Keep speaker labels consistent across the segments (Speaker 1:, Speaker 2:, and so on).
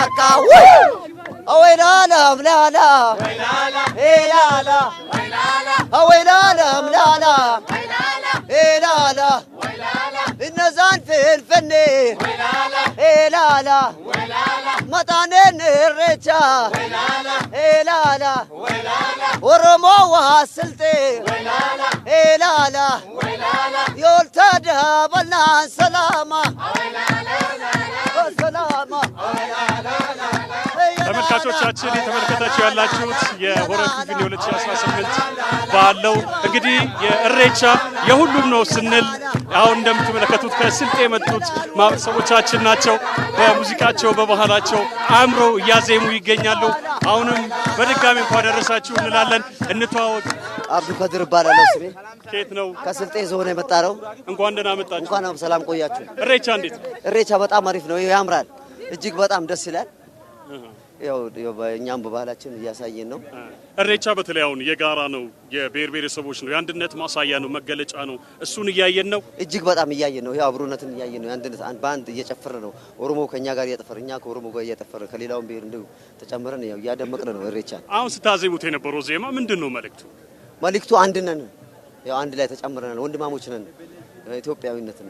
Speaker 1: الحكا ويلالا ملالا
Speaker 2: ويلالا
Speaker 1: هلالا
Speaker 2: ويلالا
Speaker 1: ويلالا ملالا
Speaker 2: ويلالا
Speaker 1: هلالا
Speaker 2: ويلالا
Speaker 1: النزان في الفني إيه
Speaker 2: ويلالا
Speaker 1: هلالا
Speaker 2: ويلالا
Speaker 1: مطانين الريشة
Speaker 2: ويلالا
Speaker 1: هلالا
Speaker 2: ويلالا إيه
Speaker 1: والرموة السلطي
Speaker 2: ويلالا
Speaker 1: هلالا
Speaker 2: ويلالا
Speaker 1: يولتدها بلنا سلامة
Speaker 3: ተመልካቾቻችን የተመለከታችሁ ያላችሁት የሆረ ፊንፊኔ 2018 ባለው እንግዲህ የእሬቻ የሁሉም ነው ስንል አሁን እንደምትመለከቱት ከስልጤ የመጡት ማህበረሰቦቻችን ናቸው። በሙዚቃቸው በባህላቸው አእምረው እያዜሙ ይገኛሉ። አሁንም በድጋሚ እንኳን ደረሳችሁ እንላለን። እንተዋወቅ።
Speaker 4: አብዱ ከድር እባላለሁ ስሜ። ከየት ነው? ከስልጤ ዞን የመጣ ነው።
Speaker 3: እንኳን ደህና መጣችሁ።
Speaker 4: እንኳን ሰላም ቆያችሁ። እሬቻ እንዴት? እሬቻ በጣም አሪፍ ነው፣ ያምራል፣ እጅግ በጣም ደስ ይላል። ያው በእኛም በባህላችን እያሳየን ነው።
Speaker 3: እሬቻ በተለይ አሁን የጋራ ነው፣ የብሔር ብሔረሰቦች ነው፣ የአንድነት ማሳያ ነው፣ መገለጫ ነው። እሱን እያየን ነው፣
Speaker 4: እጅግ በጣም እያየን ነው። ይሄ አብሮነትን እያየን ነው። የአንድነት በአንድ እየጨፈረ ነው። ኦሮሞ ከእኛ ጋር እያጠፈረ፣ እኛ ከኦሮሞ ጋር እያጠፈረ፣ ከሌላውን ብሔር እንዲሁ ተጨምረን ያው እያደመቅን ነው። እሬቻ
Speaker 3: አሁን ስታዜቡት የነበረው ዜማ ምንድን ነው መልእክቱ?
Speaker 4: መልእክቱ አንድነን፣ ያው አንድ ላይ ተጨምረናል፣ ወንድማሞች ነን፣ ኢትዮጵያዊነትን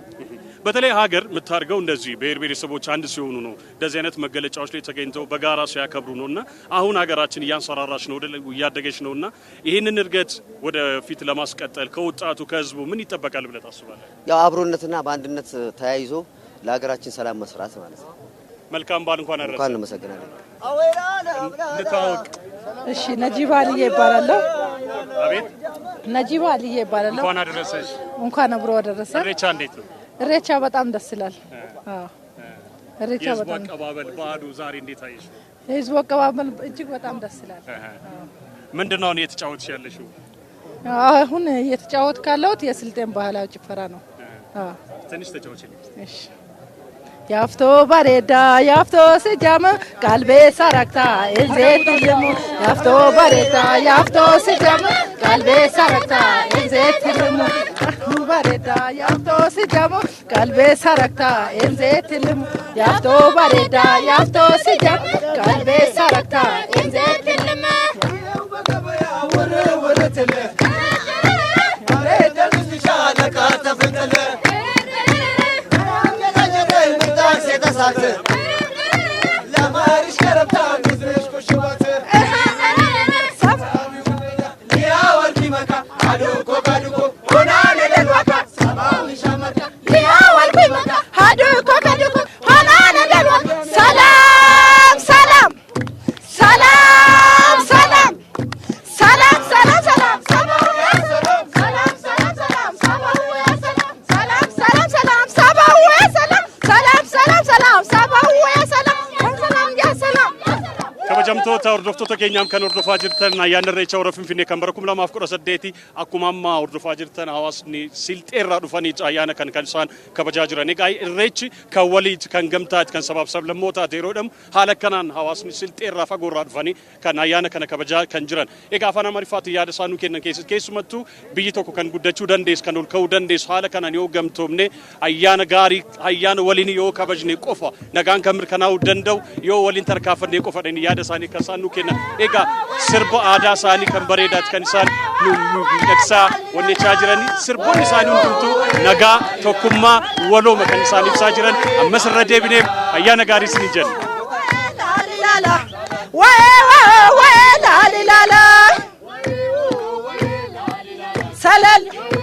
Speaker 3: በተለይ ሀገር የምታድገው እንደዚህ ብሔር ብሔረሰቦች አንድ ሲሆኑ ነው። እንደዚህ አይነት መገለጫዎች ላይ ተገኝተው በጋራ ሲያከብሩ ነው እና አሁን ሀገራችን እያንሰራራች ነው፣ እያደገች ነው እና ይህንን እድገት ወደፊት ለማስቀጠል ከወጣቱ ከህዝቡ ምን ይጠበቃል ብለህ ታስባለህ?
Speaker 4: ያው አብሮነትና በአንድነት ተያይዞ ለሀገራችን ሰላም መስራት ማለት ነው።
Speaker 3: መልካም በዓል እንኳን አደረሰ። እንኳን እናመሰግናለን። እንታወቅ።
Speaker 5: እሺ፣ ነጂባ አልዬ ይባላለሁ። አቤት፣ ነጂባ አልዬ ይባላለሁ።
Speaker 3: እንኳን አደረሰሽ።
Speaker 5: እንኳን አብሮ አደረሰ። ሬቻ እንዴት ነው? እሬቻ በጣም ደስ ይላል።
Speaker 3: እሬቻ በጣም አቀባበል በዓሉ ዛሬ እንዴት አየሽ?
Speaker 5: የህዝቡ አቀባበል እጅግ በጣም ደስ ይላል።
Speaker 3: ምንድን ነው እየተጫወትሽ ያለሽው?
Speaker 5: አሁን እየተጫወት ካለሁት የስልጤን ባህላዊ ጭፈራ ነው።
Speaker 3: ትንሽ ተጫወች። እሺ
Speaker 5: ያፍቶ ባሬዳ ያፍቶ ስጃም ቃልቤ ሳራክታ ኤልዜትልሙ ያፍቶ ባሬዳ ያፍቶ ስጃም ቃልቤ ሳራክታ ኤልዜትልሙ ባሬዳ ያፍቶ ስጃም ቃልቤ ሳራክታ ኤልዜትልሙ ያፍቶ ባሬዳ ያፍቶ ስጃም ቃልቤ ሳራክታ
Speaker 3: Barnootota hordoftoota keenyaaf kan hordofaa jirtan ayyaana irreecha hora Finfinnee kan bara 2018 akkuma amma hordofaa jirtan hawaasni silxeerraa dhufanii ayyaana kan kan isaan kabajaa jiran. Egaa irreechi kan waliiti kan gamtaati kan sabaaf sablammootaati yeroodhamu haala kanaan hawaasni silxeerraa fagoorraa dhufanii kan ayyaana kana kabajaa kan jiran. Egaa afaan Amaariffaatiin yaada isaanuu kennan keessatti keessumattuu biyyi tokko kan guddachuu dandeessu kan ol ka'uu dandeessu haala kanaan yoo gamtoomne ayyaana gaarii ayyaana waliin yoo kabajne qofa nagaan kan mirkanaa'uu danda'u yoo waliin tarkaanfannee qofadhani yaada isaanii kan isaanuu kenna. Egaa sirba aadaasaanii kan bareedaati kan isaan nu miidhagsaa wanneechaa jiran sirboonni isaanii hundumtuu nagaa tokkummaa walooma kan isaan ibsaa jiran ammas irra deebineef ayyaana gaarii isin jenna.
Speaker 6: Salal.